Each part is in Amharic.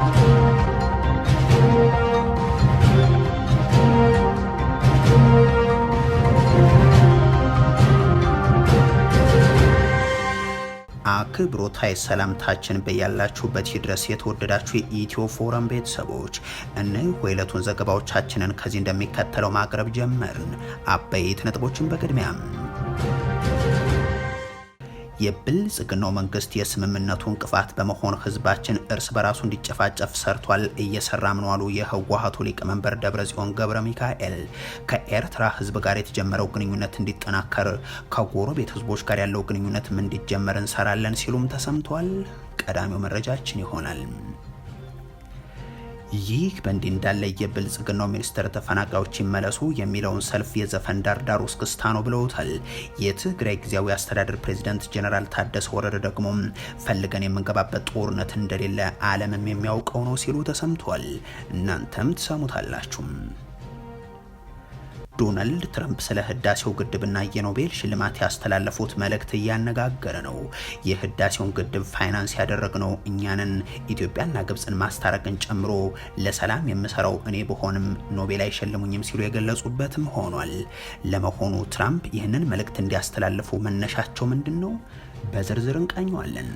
አክብሮታይ ሰላምታችን በያላችሁበት ይድረስ። የተወደዳችሁ የኢትዮ ፎረም ቤተሰቦች እነሆ የዕለቱን ዘገባዎቻችንን ከዚህ እንደሚከተለው ማቅረብ ጀመርን። አበይት ነጥቦችን በቅድሚያም የብልጽግናው መንግስት የስምምነቱ እንቅፋት በመሆን ህዝባችን እርስ በራሱ እንዲጨፋጨፍ ሰርቷል፣ እየሰራም ነው አሉ የህወሀቱ ሊቀመንበር ደብረጽዮን ገብረ ሚካኤል። ከኤርትራ ህዝብ ጋር የተጀመረው ግንኙነት እንዲጠናከር፣ ከጎረቤት ህዝቦች ጋር ያለው ግንኙነትም እንዲጀመር እንሰራለን ሲሉም ተሰምቷል። ቀዳሚው መረጃችን ይሆናል። ይህ በእንዲህ እንዳለ የብልጽግናው ሚኒስትር ተፈናቃዮች ይመለሱ የሚለውን ሰልፍ የዘፈን ዳርዳር ክስታ ነው ብለውታል። የትግራይ ጊዜያዊ አስተዳደር ፕሬዚደንት ጀነራል ታደሰ ወረደ ደግሞ ፈልገን የምንገባበት ጦርነት እንደሌለ ዓለምም የሚያውቀው ነው ሲሉ ተሰምቷል። እናንተም ትሰሙታላችሁም። ዶናልድ ትራምፕ ስለ ህዳሴው ግድብና የኖቤል ሽልማት ያስተላለፉት መልእክት እያነጋገረ ነው። የህዳሴውን ግድብ ፋይናንስ ያደረግነው እኛንን ኢትዮጵያና ግብፅን ማስታረቅን ጨምሮ ለሰላም የምሰራው እኔ በሆንም ኖቤል አይሸልሙኝም ሲሉ የገለጹበትም ሆኗል። ለመሆኑ ትራምፕ ይህንን መልእክት እንዲያስተላልፉ መነሻቸው ምንድን ነው? በዝርዝር እንቃኘዋለን።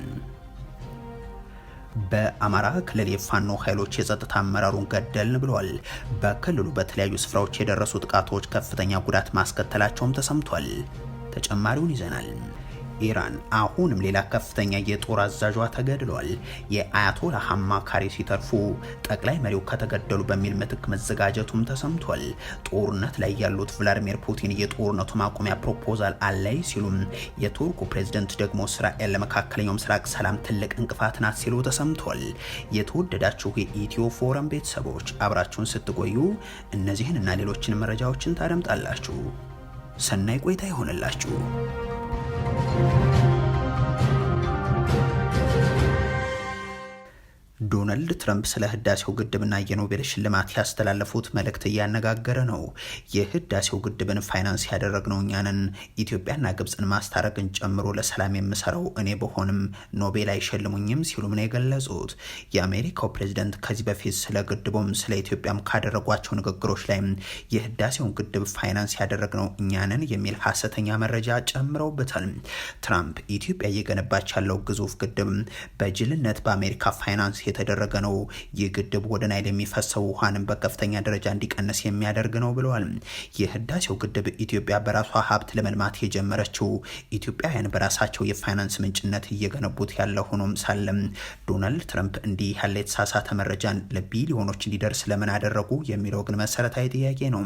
በአማራ ክልል የፋኖ ኃይሎች የጸጥታ አመራሩን ገደልን ብለዋል። በክልሉ በተለያዩ ስፍራዎች የደረሱ ጥቃቶች ከፍተኛ ጉዳት ማስከተላቸውም ተሰምቷል። ተጨማሪውን ይዘናል። ኢራን አሁንም ሌላ ከፍተኛ የጦር አዛዧ ተገድሏል። የአያቶላህ አማካሪ ሲተርፉ ጠቅላይ መሪው ከተገደሉ በሚል ምትክ መዘጋጀቱም ተሰምቷል። ጦርነት ላይ ያሉት ቭላዲሚር ፑቲን የጦርነቱ ማቆሚያ ፕሮፖዛል አለይ ሲሉም፣ የቱርኩ ፕሬዝደንት ደግሞ እስራኤል ለመካከለኛው ምስራቅ ሰላም ትልቅ እንቅፋት ናት ሲሉ ተሰምቷል። የተወደዳችሁ የኢትዮ ፎረም ቤተሰቦች አብራችሁን ስትቆዩ እነዚህን እና ሌሎችን መረጃዎችን ታደምጣላችሁ። ሰናይ ቆይታ ይሆንላችሁ። Thank you. ዶናልድ ትረምፕ ስለ ህዳሴው ግድብና የኖቤል ሽልማት ያስተላለፉት መልእክት እያነጋገረ ነው። የህዳሴው ግድብን ፋይናንስ ያደረግነው እኛንን ኢትዮጵያና ግብፅን ማስታረቅን ጨምሮ ለሰላም የምሰራው እኔ በሆንም ኖቤል አይሸልሙኝም ሲሉም ነው የገለጹት። የአሜሪካው ፕሬዚደንት ከዚህ በፊት ስለ ግድቡም ስለ ኢትዮጵያም ካደረጓቸው ንግግሮች ላይ የህዳሴውን ግድብ ፋይናንስ ያደረግነው እኛንን የሚል ሀሰተኛ መረጃ ጨምረውበታል። ትራምፕ ኢትዮጵያ እየገነባች ያለው ግዙፍ ግድብ በጅልነት በአሜሪካ ፋይናንስ እየተደረገ ነው። ይህ ግድብ ወደ ናይል የሚፈሰው ውሃንም በከፍተኛ ደረጃ እንዲቀንስ የሚያደርግ ነው ብለዋል። የህዳሴው ግድብ ኢትዮጵያ በራሷ ሀብት ለመልማት የጀመረችው ኢትዮጵያውያን በራሳቸው የፋይናንስ ምንጭነት እየገነቡት ያለ ሆኖም ሳለም ዶናልድ ትራምፕ እንዲህ ያለ የተሳሳተ መረጃን ለቢሊዮኖች እንዲደርስ ለምን አደረጉ የሚለው ግን መሰረታዊ ጥያቄ ነው።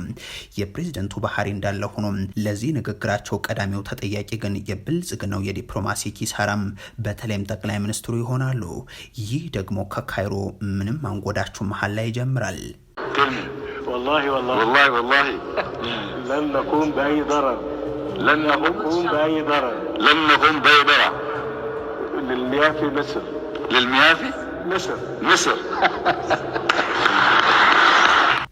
የፕሬዝደንቱ ባህሪ እንዳለ ሆኖም ለዚህ ንግግራቸው ቀዳሚው ተጠያቂ ግን የብልጽግናው የዲፕሎማሲ ኪሳራም በተለይም ጠቅላይ ሚኒስትሩ ይሆናሉ። ይህ ደግሞ ከ ከካይሮ ምንም አንጎዳችሁ መሀል ላይ ይጀምራል።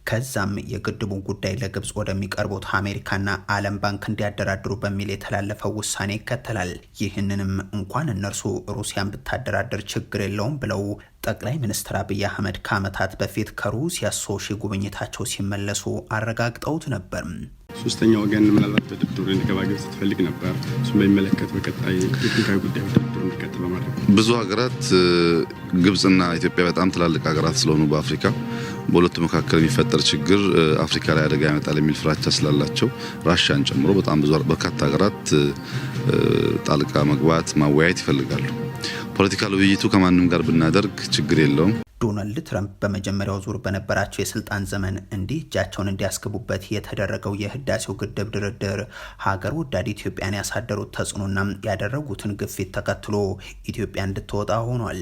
ከዛም የግድቡን ጉዳይ ለግብጽ ወደሚቀርቡት አሜሪካና ዓለም ባንክ እንዲያደራድሩ በሚል የተላለፈው ውሳኔ ይከተላል። ይህንንም እንኳን እነርሱ ሩሲያን ብታደራድር ችግር የለውም ብለው ጠቅላይ ሚኒስትር አብይ አህመድ ከዓመታት በፊት ከሩሲያ ሶሺ ጉብኝታቸው ሲመለሱ አረጋግጠውት ነበር። ሶስተኛ ወገን ምናልባት በድርድሩ እንዲገባ ግብጽ ትፈልግ ነበር። እሱም በሚመለከት በቀጣይ ቴክኒካዊ ጉዳይ ድርድሩ እንዲቀጥል በማድረግ ብዙ ሀገራት ግብጽና ኢትዮጵያ በጣም ትላልቅ ሀገራት ስለሆኑ በአፍሪካ በሁለቱ መካከል የሚፈጠር ችግር አፍሪካ ላይ አደጋ ያመጣል የሚል ፍራቻ ስላላቸው ራሽያን ጨምሮ በጣም ብዙ በርካታ ሀገራት ጣልቃ መግባት ማወያየት ይፈልጋሉ። ፖለቲካል ውይይቱ ከማንም ጋር ብናደርግ ችግር የለውም። ዶናልድ ትራምፕ በመጀመሪያው ዙር በነበራቸው የስልጣን ዘመን እንዲህ እጃቸውን እንዲያስገቡበት የተደረገው የህዳሴው ግድብ ድርድር ሀገር ወዳድ ኢትዮጵያን ያሳደሩት ተጽዕኖና ያደረጉትን ግፊት ተከትሎ ኢትዮጵያ እንድትወጣ ሆኗል።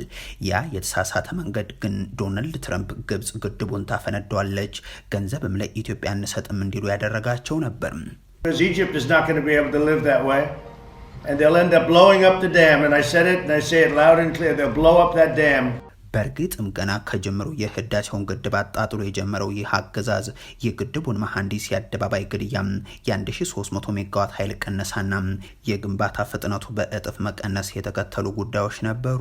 ያ የተሳሳተ መንገድ ግን ዶናልድ ትራምፕ ግብጽ ግድቡን ታፈነደዋለች፣ ገንዘብም ለኢትዮጵያ እንሰጥም እንዲሉ ያደረጋቸው ነበር። And they'll end up blowing up the dam. And I said it and I say it loud and clear. They'll blow up that dam. በእርግጥም ገና ከጀምሮ የህዳሴውን ግድብ አጣጥሎ የጀመረው ይህ አገዛዝ የግድቡን መሐንዲስ የአደባባይ ግድያ፣ የ1300 ሜጋዋት ኃይል ቅነሳና የግንባታ ፍጥነቱ በእጥፍ መቀነስ የተከተሉ ጉዳዮች ነበሩ።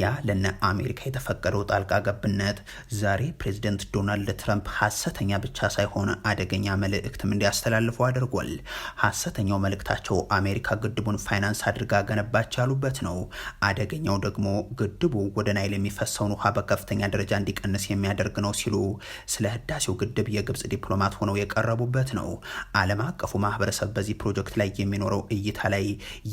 ያ ለነ አሜሪካ የተፈቀደው ጣልቃ ገብነት ዛሬ ፕሬዚደንት ዶናልድ ትራምፕ ሀሰተኛ ብቻ ሳይሆን አደገኛ መልእክትም እንዲያስተላልፉ አድርጓል። ሐሰተኛው መልእክታቸው አሜሪካ ግድቡን ፋይናንስ አድርጋ ገነባች ያሉበት ነው። አደገኛው ደግሞ ግድቡ ወደ ናይል የሚፈ የሚፈሰውን ውሃ በከፍተኛ ደረጃ እንዲቀንስ የሚያደርግ ነው ሲሉ ስለ ህዳሴው ግድብ የግብፅ ዲፕሎማት ሆነው የቀረቡበት ነው። ዓለም አቀፉ ማህበረሰብ በዚህ ፕሮጀክት ላይ የሚኖረው እይታ ላይ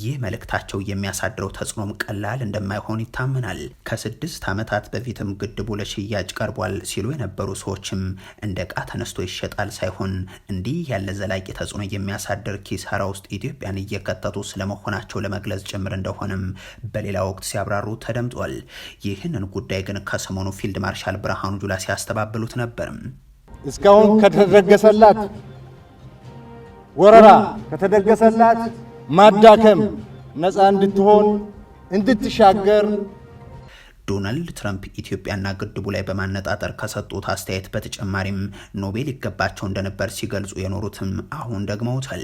ይህ መልእክታቸው የሚያሳድረው ተጽዕኖም ቀላል እንደማይሆን ይታመናል። ከስድስት ዓመታት በፊትም ግድቡ ለሽያጭ ቀርቧል ሲሉ የነበሩ ሰዎችም እንደ ዕቃ ተነስቶ ይሸጣል ሳይሆን እንዲህ ያለ ዘላቂ ተጽዕኖ የሚያሳድር ኪሳራ ውስጥ ኢትዮጵያን እየከተቱ ስለመሆናቸው ለመግለጽ ጭምር እንደሆነም በሌላ ወቅት ሲያብራሩ ተደምጧል። ይህንን ጉዳይ ግን ከሰሞኑ ፊልድ ማርሻል ብርሃኑ ጁላ ሲያስተባብሉት ነበር። እስካሁን ከተደገሰላት ወረራ ከተደገሰላት ማዳከም ነፃ እንድትሆን እንድትሻገር ዶናልድ ትራምፕ ኢትዮጵያና ግድቡ ላይ በማነጣጠር ከሰጡት አስተያየት በተጨማሪም ኖቤል ይገባቸው እንደነበር ሲገልጹ የኖሩትም አሁን ደግመውታል።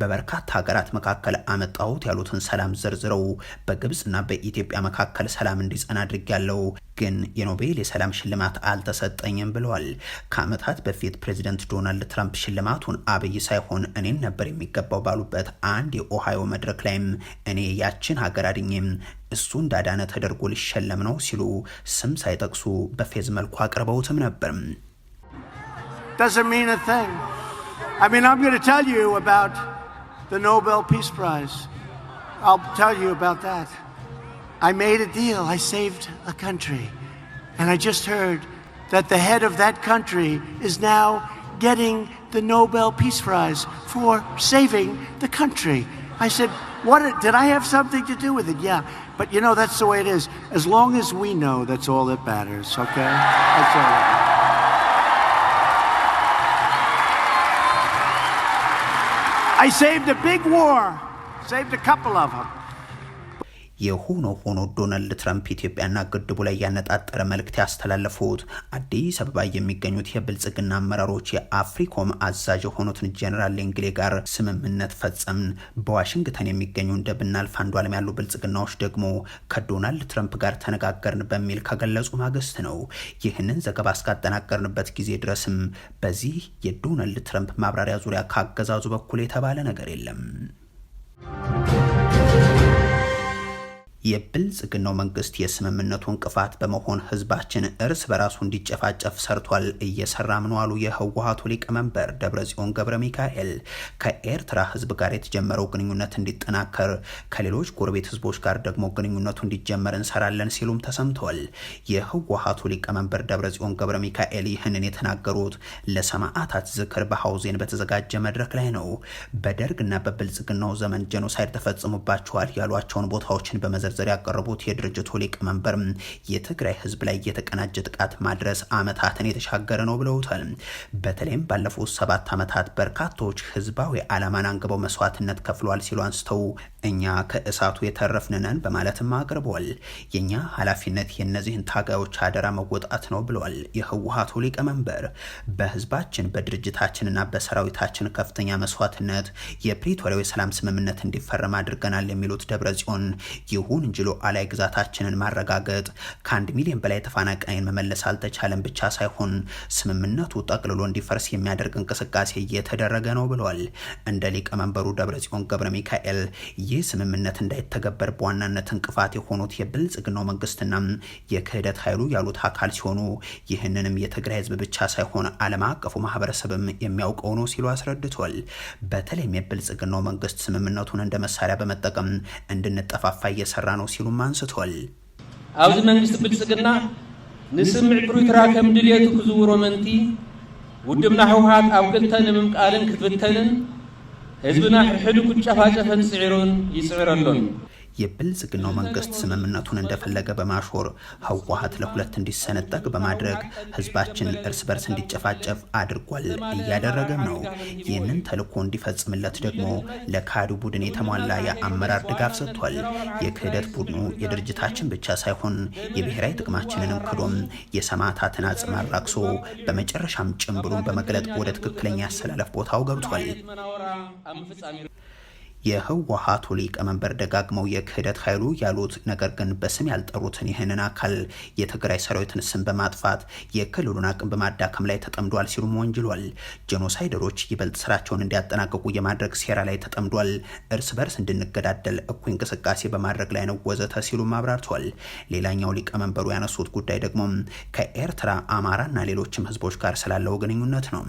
በበርካታ ሀገራት መካከል አመጣሁት ያሉትን ሰላም ዘርዝረው በግብፅና በኢትዮጵያ መካከል ሰላም እንዲጸና አድርጊያለሁ ግን የኖቤል የሰላም ሽልማት አልተሰጠኝም ብለዋል። ከዓመታት በፊት ፕሬዚደንት ዶናልድ ትራምፕ ሽልማቱን አብይ ሳይሆን እኔን ነበር የሚገባው ባሉበት አንድ የኦሃዮ መድረክ ላይም እኔ ያችን ሀገር አድኜም እሱ እንዳዳነ ተደርጎ ሊሸለም ነው ሲሉ ስም ሳይጠቅሱ በፌዝ መልኩ አቅርበውትም ነበር። ኖቤል ፒስ ፕራይዝ I made a deal. I saved a country. And I just heard that the head of that country is now getting the Nobel Peace Prize for saving the country. I said, what did I have something to do with it? Yeah. But you know, that's the way it is. As long as we know, that's all that matters, okay? That's all that I saved a big war, saved a couple of them. የሆኖ ሆኖ ዶናልድ ትራምፕ ኢትዮጵያና ግድቡ ላይ ያነጣጠረ መልእክት ያስተላለፉት አዲስ አበባ የሚገኙት የብልጽግና አመራሮች የአፍሪኮም አዛዥ የሆኑትን ጀኔራል ሌንግሌ ጋር ስምምነት ፈጸምን። በዋሽንግተን የሚገኙ እንደ ብናልፍ አንዱዓለም ያሉ ብልጽግናዎች ደግሞ ከዶናልድ ትራምፕ ጋር ተነጋገርን በሚል ከገለጹ ማግስት ነው። ይህንን ዘገባ እስካጠናቀርንበት ጊዜ ድረስም በዚህ የዶናልድ ትራምፕ ማብራሪያ ዙሪያ ካገዛዙ በኩል የተባለ ነገር የለም። የብልጽግናው መንግስት የስምምነቱ እንቅፋት በመሆን ህዝባችን እርስ በራሱ እንዲጨፋጨፍ ሰርቷል፣ እየሰራም ነው አሉ የህወሀቱ ሊቀመንበር ደብረጽዮን ገብረ ሚካኤል። ከኤርትራ ህዝብ ጋር የተጀመረው ግንኙነት እንዲጠናከር፣ ከሌሎች ጎረቤት ህዝቦች ጋር ደግሞ ግንኙነቱ እንዲጀመር እንሰራለን ሲሉም ተሰምተዋል። የህወሀቱ ሊቀመንበር ደብረጽዮን ገብረ ሚካኤል ይህንን የተናገሩት ለሰማዕታት ዝክር በሐውዜን በተዘጋጀ መድረክ ላይ ነው። በደርግና በብልጽግናው ዘመን ጀኖሳይድ ተፈጽሞባቸዋል ያሏቸውን ቦታዎችን በመዘ ዝርዝር ያቀረቡት የድርጅቱ ሊቀመንበር የትግራይ ህዝብ ላይ የተቀናጀ ጥቃት ማድረስ አመታትን የተሻገረ ነው ብለውታል። በተለይም ባለፉት ሰባት አመታት በርካቶች ህዝባዊ አላማን አንግበው መስዋዕትነት ከፍሏል ሲሉ አንስተው እኛ ከእሳቱ የተረፍንነን በማለትም አቅርበዋል። የእኛ ኃላፊነት የእነዚህን ታጋዮች አደራ መወጣት ነው ብለዋል የህወሀቱ ሊቀመንበር። በህዝባችን በድርጅታችንና በሰራዊታችን ከፍተኛ መስዋዕትነት የፕሪቶሪያው የሰላም ስምምነት እንዲፈረም አድርገናል የሚሉት ደብረ ጽዮን ይሁን መሆኑን እንጂ ሉዓላዊ ግዛታችንን ማረጋገጥ ከአንድ ሚሊዮን በላይ ተፈናቃይን መመለስ አልተቻለም ብቻ ሳይሆን ስምምነቱ ጠቅልሎ እንዲፈርስ የሚያደርግ እንቅስቃሴ እየተደረገ ነው ብለዋል። እንደ ሊቀመንበሩ ደብረጽዮን ገብረ ሚካኤል ይህ ስምምነት እንዳይተገበር በዋናነት እንቅፋት የሆኑት የብልጽግናው መንግስትና የክህደት ኃይሉ ያሉት አካል ሲሆኑ ይህንንም የትግራይ ህዝብ ብቻ ሳይሆን ዓለም አቀፉ ማህበረሰብም የሚያውቀው ነው ሲሉ አስረድቷል። በተለይም የብልጽግናው መንግስት ስምምነቱን እንደ መሳሪያ በመጠቀም እንድንጠፋፋ እየሰራ እየሰራ ነው ሲሉም አንስቷል። ኣብዚ መንግስቲ ብልፅግና ንስምዕ ብሩትራ ከም ድልየቱ ክዝውሮ መንቲ ውድብና ህወሓት ኣብ ክልተ ንምምቃልን ክትብተንን ህዝብና ሕድኩ ጨፋጨፈን ስዒሩን ይስዕር ኣሎን የብልጽግናው መንግስት ስምምነቱን እንደፈለገ በማሾር ህወሀት ለሁለት እንዲሰነጠቅ በማድረግ ህዝባችን እርስ በርስ እንዲጨፋጨፍ አድርጓል፣ እያደረገም ነው። ይህንን ተልኮ እንዲፈጽምለት ደግሞ ለካዱ ቡድን የተሟላ የአመራር ድጋፍ ሰጥቷል። የክህደት ቡድኑ የድርጅታችን ብቻ ሳይሆን የብሔራዊ ጥቅማችንንም ክዶም የሰማዕታትን አጽም አራቅሶ በመጨረሻም ጭምብሉን በመግለጥ ወደ ትክክለኛ ያሰላለፍ ቦታው ገብቷል። የህወሀቱ ሊቀመንበር ደጋግመው የክህደት ኃይሉ ያሉት ነገር ግን በስም ያልጠሩትን ይህንን አካል የትግራይ ሰራዊትን ስም በማጥፋት የክልሉን አቅም በማዳከም ላይ ተጠምዷል ሲሉም ወንጅሏል። ጄኖሳይደሮች ይበልጥ ስራቸውን እንዲያጠናቅቁ የማድረግ ሴራ ላይ ተጠምዷል፣ እርስ በርስ እንድንገዳደል እኩይ እንቅስቃሴ በማድረግ ላይ ነው ወዘተ ሲሉም አብራርተዋል። ሌላኛው ሊቀመንበሩ ያነሱት ጉዳይ ደግሞ ከኤርትራ አማራና ሌሎችም ህዝቦች ጋር ስላለው ግንኙነት ነው።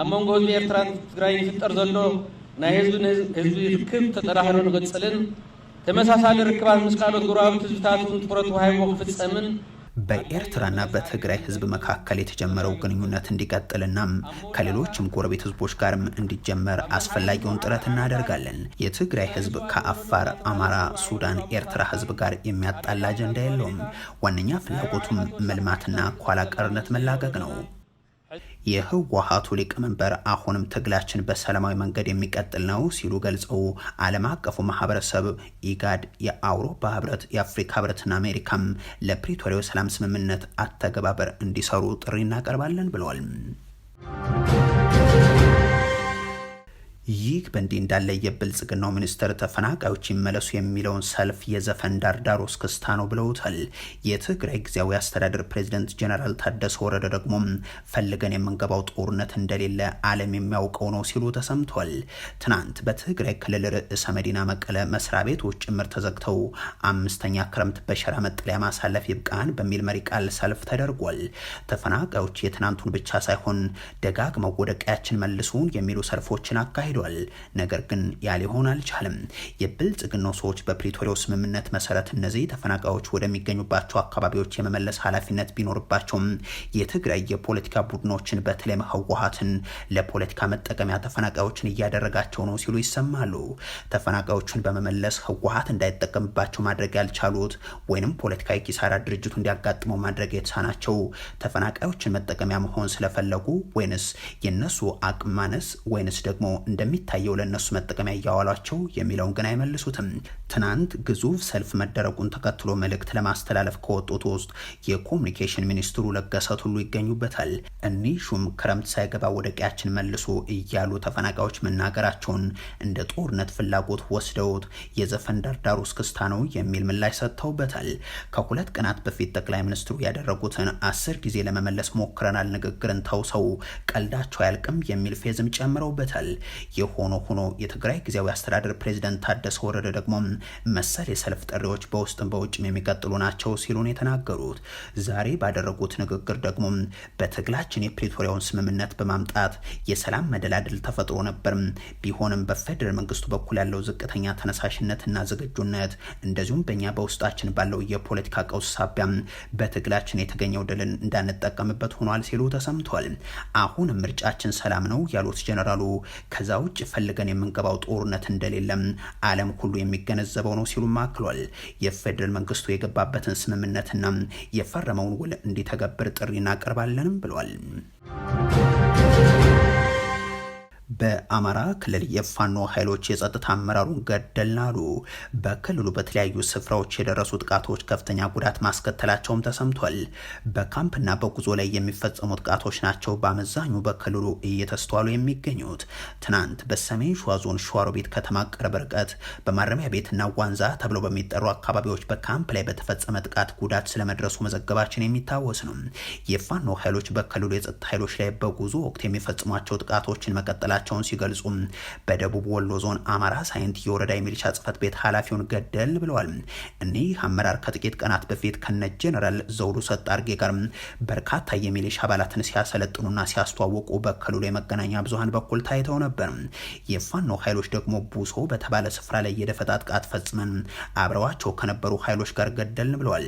ኣብ መንጎ ኤርትራን ትግራይ ይፍጠር ዘሎ ናይ ህዝብን ህዝቢ ርክብ ተጠራህሮ ንቅፅልን ተመሳሳሊ ርክባት ምስ ካልኦት ጎረባብቲ ህዝብታት ትኩረት ውሃይዎ ክፍፀምን በኤርትራና በትግራይ ህዝብ መካከል የተጀመረው ግንኙነት እንዲቀጥልና ከሌሎችም ጎረቤት ህዝቦች ጋርም እንዲጀመር አስፈላጊውን ጥረት እናደርጋለን። የትግራይ ህዝብ ከአፋር፣ አማራ፣ ሱዳን፣ ኤርትራ ህዝብ ጋር የሚያጣላ አጀንዳ የለውም። ዋነኛ ፍላጎቱም መልማትና ኋላ መላቀቅ ነው። የህወሀቱ ሊቀመንበር አሁንም ትግላችን በሰላማዊ መንገድ የሚቀጥል ነው ሲሉ ገልጸው ዓለም አቀፉ ማህበረሰብ ኢጋድ፣ የአውሮፓ ህብረት፣ የአፍሪካ ህብረትና አሜሪካም ለፕሪቶሪያው ሰላም ስምምነት አተገባበር እንዲሰሩ ጥሪ እናቀርባለን ብለዋል። ይህ በእንዲህ እንዳለ የብልጽግናው ሚኒስትር ተፈናቃዮች ይመለሱ የሚለውን ሰልፍ የዘፈን ዳርዳር እስክስታ ነው ብለውታል። የትግራይ ጊዜያዊ አስተዳደር ፕሬዚደንት ጀነራል ታደሰ ወረደ ደግሞ ፈልገን የምንገባው ጦርነት እንደሌለ ዓለም የሚያውቀው ነው ሲሉ ተሰምቷል። ትናንት በትግራይ ክልል ርዕሰ መዲና መቀለ መስሪያ ቤቶች ጭምር ተዘግተው አምስተኛ ክረምት በሸራ መጠለያ ማሳለፍ ይብቃን በሚል መሪ ቃል ሰልፍ ተደርጓል። ተፈናቃዮች የትናንቱን ብቻ ሳይሆን ደጋግመው ወደ ቀያችን መልሱን የሚሉ ሰልፎችን አካሂ ተካሂዷል። ነገር ግን ያ ሊሆን አልቻለም። የብልጽግናው ሰዎች በፕሪቶሪያው ስምምነት መሰረት እነዚህ ተፈናቃዮች ወደሚገኙባቸው አካባቢዎች የመመለስ ኃላፊነት ቢኖርባቸውም የትግራይ የፖለቲካ ቡድኖችን በተለይም ህወሓትን ለፖለቲካ መጠቀሚያ ተፈናቃዮችን እያደረጋቸው ነው ሲሉ ይሰማሉ። ተፈናቃዮቹን በመመለስ ህወሓት እንዳይጠቀምባቸው ማድረግ ያልቻሉት ወይንም ፖለቲካዊ ኪሳራ ድርጅቱ እንዲያጋጥመው ማድረግ የተሳናቸው ተፈናቃዮችን መጠቀሚያ መሆን ስለፈለጉ ወይንስ የነሱ አቅም ማነስ ወይንስ ደግሞ እንደ እንደሚታየው ለእነሱ መጠቀሚያ እያዋሏቸው የሚለውን ግን አይመልሱትም። ትናንት ግዙፍ ሰልፍ መደረጉን ተከትሎ መልእክት ለማስተላለፍ ከወጡት ውስጥ የኮሚኒኬሽን ሚኒስትሩ ለገሰ ቱሉ ይገኙበታል። እኒህ ሹም ክረምት ሳይገባ ወደ ቀያችን መልሶ እያሉ ተፈናቃዮች መናገራቸውን እንደ ጦርነት ፍላጎት ወስደውት የዘፈን ውስጥ ክስታ ነው የሚል ምላሽ ሰጥተውበታል። ከሁለት ቀናት በፊት ጠቅላይ ሚኒስትሩ ያደረጉትን አስር ጊዜ ለመመለስ ሞክረናል ንግግርን ተውሰው ቀልዳቸው አያልቅም የሚል ፌዝም ጨምረውበታል። የሆኖ ሆኖ የትግራይ ጊዜያዊ አስተዳደር ፕሬዚደንት ታደሰ ወረደ ደግሞ መሰል የሰልፍ ጥሪዎች በውስጥም በውጭም የሚቀጥሉ ናቸው ሲሉን የተናገሩት ዛሬ ባደረጉት ንግግር ደግሞ በትግላችን የፕሪቶሪያውን ስምምነት በማምጣት የሰላም መደላድል ተፈጥሮ ነበር። ቢሆንም በፌደራል መንግስቱ በኩል ያለው ዝቅተኛ ተነሳሽነትና ዝግጁነት እንደዚሁም በእኛ በውስጣችን ባለው የፖለቲካ ቀውስ ሳቢያ በትግላችን የተገኘው ድልን እንዳንጠቀምበት ሆኗል ሲሉ ተሰምቷል። አሁን ምርጫችን ሰላም ነው ያሉት ጀነራሉ ከዛ ውጭ ፈልገን የምንገባው ጦርነት እንደሌለም ዓለም ሁሉ የሚገነዘበው ነው ሲሉም አክሏል። የፌዴራል መንግስቱ የገባበትን ስምምነትና የፈረመውን ውል እንዲተገብር ጥሪ እናቀርባለንም ብሏል። በአማራ ክልል የፋኖ ኃይሎች የጸጥታ አመራሩን ገደልናሉ በክልሉ በተለያዩ ስፍራዎች የደረሱ ጥቃቶች ከፍተኛ ጉዳት ማስከተላቸውም ተሰምቷል። በካምፕና በጉዞ ላይ የሚፈጸሙ ጥቃቶች ናቸው በአመዛኙ በክልሉ እየተስተዋሉ የሚገኙት። ትናንት በሰሜን ሸዋ ዞን ሸዋሮቢት ከተማ ቅርብ ርቀት በማረሚያ ቤትና ዋንዛ ተብለው በሚጠሩ አካባቢዎች በካምፕ ላይ በተፈጸመ ጥቃት ጉዳት ስለመድረሱ መዘገባችን የሚታወስ ነው። የፋኖ ኃይሎች በክልሉ የጸጥታ ኃይሎች ላይ በጉዞ ወቅት የሚፈጽሟቸው ጥቃቶችን መቀጠላቸው መሆናቸውን ሲገልጹ በደቡብ ወሎ ዞን አማራ ሳይንት የወረዳ የሚሊሻ ጽህፈት ቤት ኃላፊውን ገደል ብለዋል። እኒህ አመራር ከጥቂት ቀናት በፊት ከነ ጀነራል ዘውዱ ሰጣርጌ ጋር በርካታ የሚሊሻ አባላትን ሲያሰለጥኑና ሲያስተዋውቁ በክልሉ የመገናኛ ብዙሀን በኩል ታይተው ነበር። የፋኖ ኃይሎች ደግሞ ቡሶ በተባለ ስፍራ ላይ የደፈጣ ጥቃት ፈጽመን አብረዋቸው ከነበሩ ኃይሎች ጋር ገደልን ብለዋል።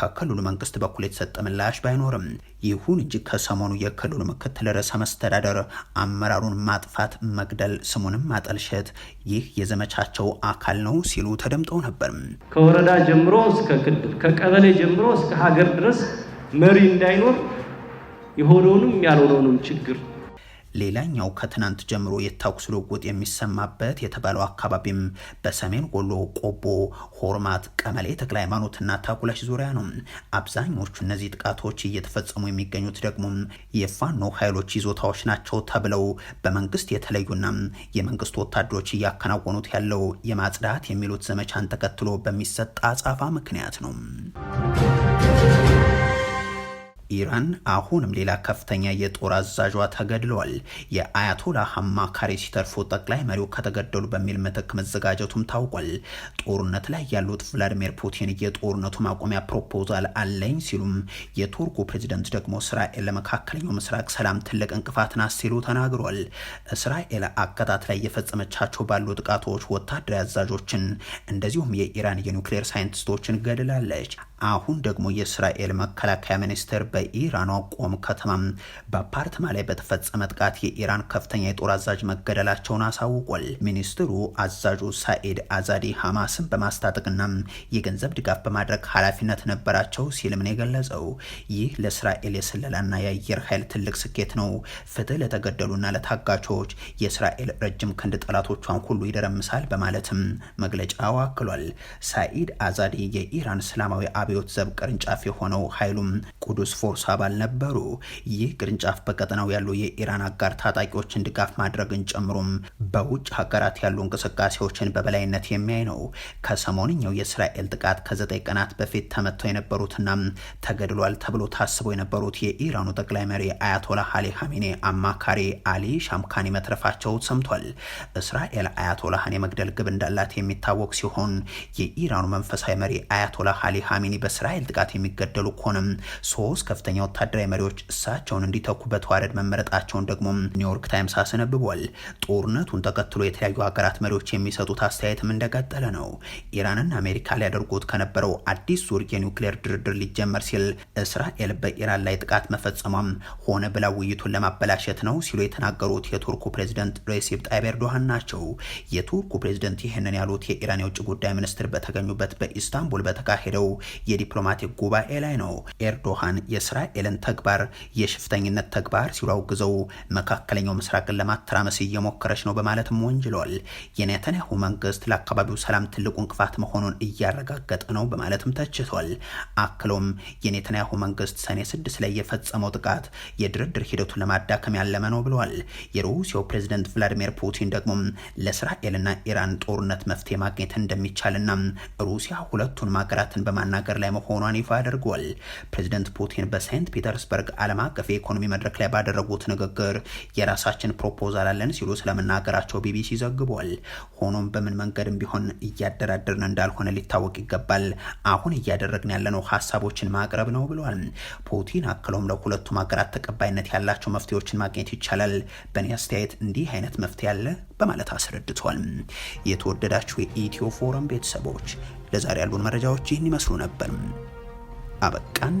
ከክልሉ መንግስት በኩል የተሰጠ ምላሽ ባይኖርም ይሁን እንጂ ከሰሞኑ የክልሉ ምክትል ርዕሰ መስተዳደር አመራሩን ማጥ ማጥፋት፣ መግደል፣ ስሙንም ማጠልሸት ይህ የዘመቻቸው አካል ነው ሲሉ ተደምጠው ነበር። ከወረዳ ጀምሮ እስከ ክልል ከቀበሌ ጀምሮ እስከ ሀገር ድረስ መሪ እንዳይኖር የሆነውንም ያልሆነውንም ችግር ሌላኛው ከትናንት ጀምሮ የተኩስ ልውውጥ የሚሰማበት የተባለው አካባቢም በሰሜን ወሎ ቆቦ፣ ሆርማት፣ ቀመሌ ተክለ ሃይማኖትና ታኩላሽ ዙሪያ ነው። አብዛኞቹ እነዚህ ጥቃቶች እየተፈጸሙ የሚገኙት ደግሞ የፋኖ ኃይሎች ይዞታዎች ናቸው ተብለው በመንግስት የተለዩና የመንግስት ወታደሮች እያከናወኑት ያለው የማጽዳት የሚሉት ዘመቻን ተከትሎ በሚሰጥ አጻፋ ምክንያት ነው። ኢራን አሁንም ሌላ ከፍተኛ የጦር አዛዧ ተገድለዋል። የአያቶላ አማካሪ ሲተርፉ ጠቅላይ መሪው ከተገደሉ በሚል ምትክ መዘጋጀቱም ታውቋል። ጦርነት ላይ ያሉት ቭላዲሚር ፑቲን የጦርነቱ ማቆሚያ ፕሮፖዛል አለኝ ሲሉም፣ የቱርኩ ፕሬዚደንት ደግሞ እስራኤል ለመካከለኛው ምስራቅ ሰላም ትልቅ እንቅፋት ናት ሲሉ ተናግሯል። እስራኤል ላይ የፈጸመቻቸው ባሉ ጥቃቶች ወታደራዊ አዛዦችን እንደዚሁም የኢራን የኒውክሌር ሳይንቲስቶችን ገድላለች። አሁን ደግሞ የእስራኤል መከላከያ ሚኒስቴር በኢራኗ ቆም ከተማ በአፓርትማ ላይ በተፈጸመ ጥቃት የኢራን ከፍተኛ የጦር አዛዥ መገደላቸውን አሳውቋል። ሚኒስትሩ አዛዡ ሳኢድ አዛዲ ሐማስን በማስታጠቅና የገንዘብ ድጋፍ በማድረግ ኃላፊነት ነበራቸው ሲልም ነው የገለጸው። ይህ ለእስራኤል የስለላና የአየር ኃይል ትልቅ ስኬት ነው። ፍትህ ለተገደሉና ለታጋቾች የእስራኤል ረጅም ክንድ ጠላቶቿን ሁሉ ይደረምሳል በማለትም መግለጫው አክሏል። ሳኢድ አዛዲ የኢራን እስላማዊ አብ አብዮት ዘብ ቅርንጫፍ የሆነው ኃይሉም ቅዱስ ፎርስ አባል ነበሩ። ይህ ቅርንጫፍ በቀጠናው ያሉ የኢራን አጋር ታጣቂዎችን ድጋፍ ማድረግን ጨምሮም በውጭ ሀገራት ያሉ እንቅስቃሴዎችን በበላይነት የሚያይ ነው። ከሰሞንኛው የእስራኤል ጥቃት ከዘጠኝ ቀናት በፊት ተመተው የነበሩትና ተገድሏል ተብሎ ታስበው የነበሩት የኢራኑ ጠቅላይ መሪ አያቶላ አሊ ሀሚኔ አማካሪ አሊ ሻምካኒ መትረፋቸው ሰምቷል። እስራኤል አያቶላህን የመግደል ግብ እንዳላት የሚታወቅ ሲሆን የኢራኑ መንፈሳዊ መሪ አያቶላ አሊ ሀሚኔ በሙሴቬኒ በእስራኤል ጥቃት የሚገደሉ ከሆነም ሶስት ከፍተኛ ወታደራዊ መሪዎች እሳቸውን እንዲተኩ በተዋረድ መመረጣቸውን ደግሞ ኒውዮርክ ታይምስ አስነብቧል። ጦርነቱን ተከትሎ የተለያዩ ሀገራት መሪዎች የሚሰጡት አስተያየትም እንደቀጠለ ነው። ኢራንና አሜሪካ ሊያደርጉት ከነበረው አዲስ ዙር የኒውክሌር ድርድር ሊጀመር ሲል እስራኤል በኢራን ላይ ጥቃት መፈጸሟም ሆነ ብላ ውይይቱን ለማበላሸት ነው ሲሉ የተናገሩት የቱርኩ ፕሬዝደንት ሬሲፕ ጣይብ ኤርዶሃን ናቸው። የቱርኩ ፕሬዝደንት ይህንን ያሉት የኢራን የውጭ ጉዳይ ሚኒስትር በተገኙበት በኢስታንቡል በተካሄደው የዲፕሎማቲክ ጉባኤ ላይ ነው ኤርዶሃን የእስራኤልን ተግባር የሽፍተኝነት ተግባር ሲሉ አውግዘው መካከለኛው ምስራቅን ለማተራመስ እየሞከረች ነው በማለትም ወንጅሏል። የኔታንያሁ መንግስት ለአካባቢው ሰላም ትልቁ እንቅፋት መሆኑን እያረጋገጠ ነው በማለትም ተችቷል። አክሎም የኔታንያሁ መንግስት ሰኔ ስድስት ላይ የፈጸመው ጥቃት የድርድር ሂደቱን ለማዳከም ያለመ ነው ብለዋል። የሩሲያው ፕሬዝደንት ቭላዲሚር ፑቲን ደግሞ ለእስራኤልና ኢራን ጦርነት መፍትሄ ማግኘት እንደሚቻልና ሩሲያ ሁለቱን ሀገራትን በማናገር በመምከር ላይ መሆኗን ይፋ አድርጓል። ፕሬዚደንት ፑቲን በሴንት ፒተርስበርግ ዓለም አቀፍ የኢኮኖሚ መድረክ ላይ ባደረጉት ንግግር የራሳችን ፕሮፖዛል አለን ሲሉ ስለመናገራቸው ቢቢሲ ዘግቧል። ሆኖም በምን መንገድም ቢሆን እያደራደርን እንዳልሆነ ሊታወቅ ይገባል። አሁን እያደረግን ያለነው ሀሳቦችን ማቅረብ ነው ብሏል ፑቲን አክለውም ለሁለቱም ሀገራት ተቀባይነት ያላቸው መፍትሄዎችን ማግኘት ይቻላል። በእኔ አስተያየት እንዲህ አይነት መፍትሄ አለ በማለት አስረድቷል። የተወደዳችሁ የኢትዮ ፎረም ቤተሰቦች ለዛሬ ያሉን መረጃዎች ይህን ይመስሉ ነበር። አበቃን።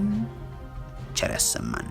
ቸር ያሰማን።